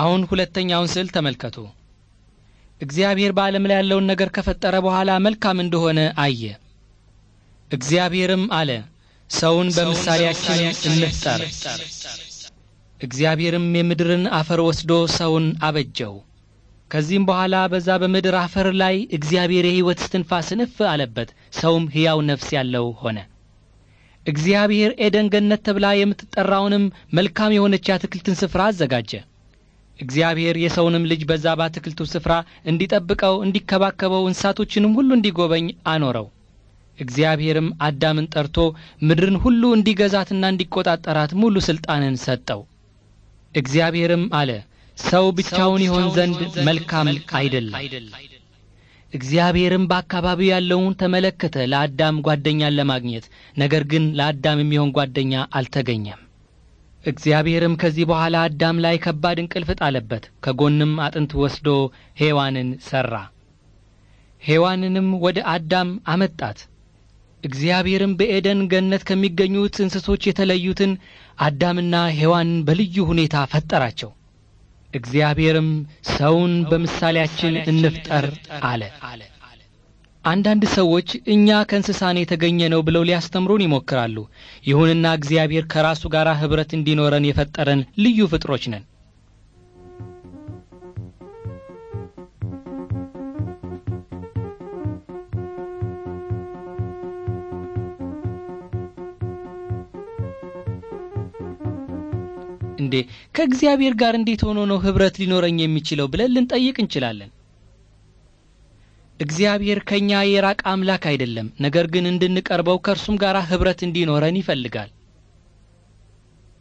አሁን ሁለተኛውን ስዕል ተመልከቱ። እግዚአብሔር በዓለም ላይ ያለውን ነገር ከፈጠረ በኋላ መልካም እንደሆነ አየ። እግዚአብሔርም አለ ሰውን በምሳሌያችን እንፍጠር። እግዚአብሔርም የምድርን አፈር ወስዶ ሰውን አበጀው። ከዚህም በኋላ በዛ በምድር አፈር ላይ እግዚአብሔር የሕይወት እስትንፋስን እፍ አለበት፣ ሰውም ሕያው ነፍስ ያለው ሆነ። እግዚአብሔር ኤደን ገነት ተብላ የምትጠራውንም መልካም የሆነች የአትክልትን ስፍራ አዘጋጀ። እግዚአብሔር የሰውንም ልጅ በዛ በአትክልቱ ስፍራ እንዲጠብቀው እንዲከባከበው እንስሳቶችንም ሁሉ እንዲጎበኝ አኖረው እግዚአብሔርም አዳምን ጠርቶ ምድርን ሁሉ እንዲገዛትና እንዲቆጣጠራት ሙሉ ሥልጣንን ሰጠው እግዚአብሔርም አለ ሰው ብቻውን ይሆን ዘንድ መልካም አይደለም እግዚአብሔርም በአካባቢው ያለውን ተመለከተ ለአዳም ጓደኛን ለማግኘት ነገር ግን ለአዳም የሚሆን ጓደኛ አልተገኘም እግዚአብሔርም ከዚህ በኋላ አዳም ላይ ከባድ እንቅልፍ ጣለበት፣ ከጎንም አጥንት ወስዶ ሔዋንን ሠራ። ሔዋንንም ወደ አዳም አመጣት። እግዚአብሔርም በኤደን ገነት ከሚገኙት እንስሶች የተለዩትን አዳምና ሔዋንን በልዩ ሁኔታ ፈጠራቸው። እግዚአብሔርም ሰውን በምሳሌያችን እንፍጠር አለ። አንዳንድ ሰዎች እኛ ከእንስሳን የተገኘ ነው ብለው ሊያስተምሩን ይሞክራሉ። ይሁንና እግዚአብሔር ከራሱ ጋር ኅብረት እንዲኖረን የፈጠረን ልዩ ፍጥሮች ነን። እንዴ ከእግዚአብሔር ጋር እንዴት ሆኖ ነው ኅብረት ሊኖረኝ የሚችለው ብለን ልንጠይቅ እንችላለን። እግዚአብሔር ከእኛ የራቀ አምላክ አይደለም፣ ነገር ግን እንድንቀርበው ከእርሱም ጋር ኅብረት እንዲኖረን ይፈልጋል።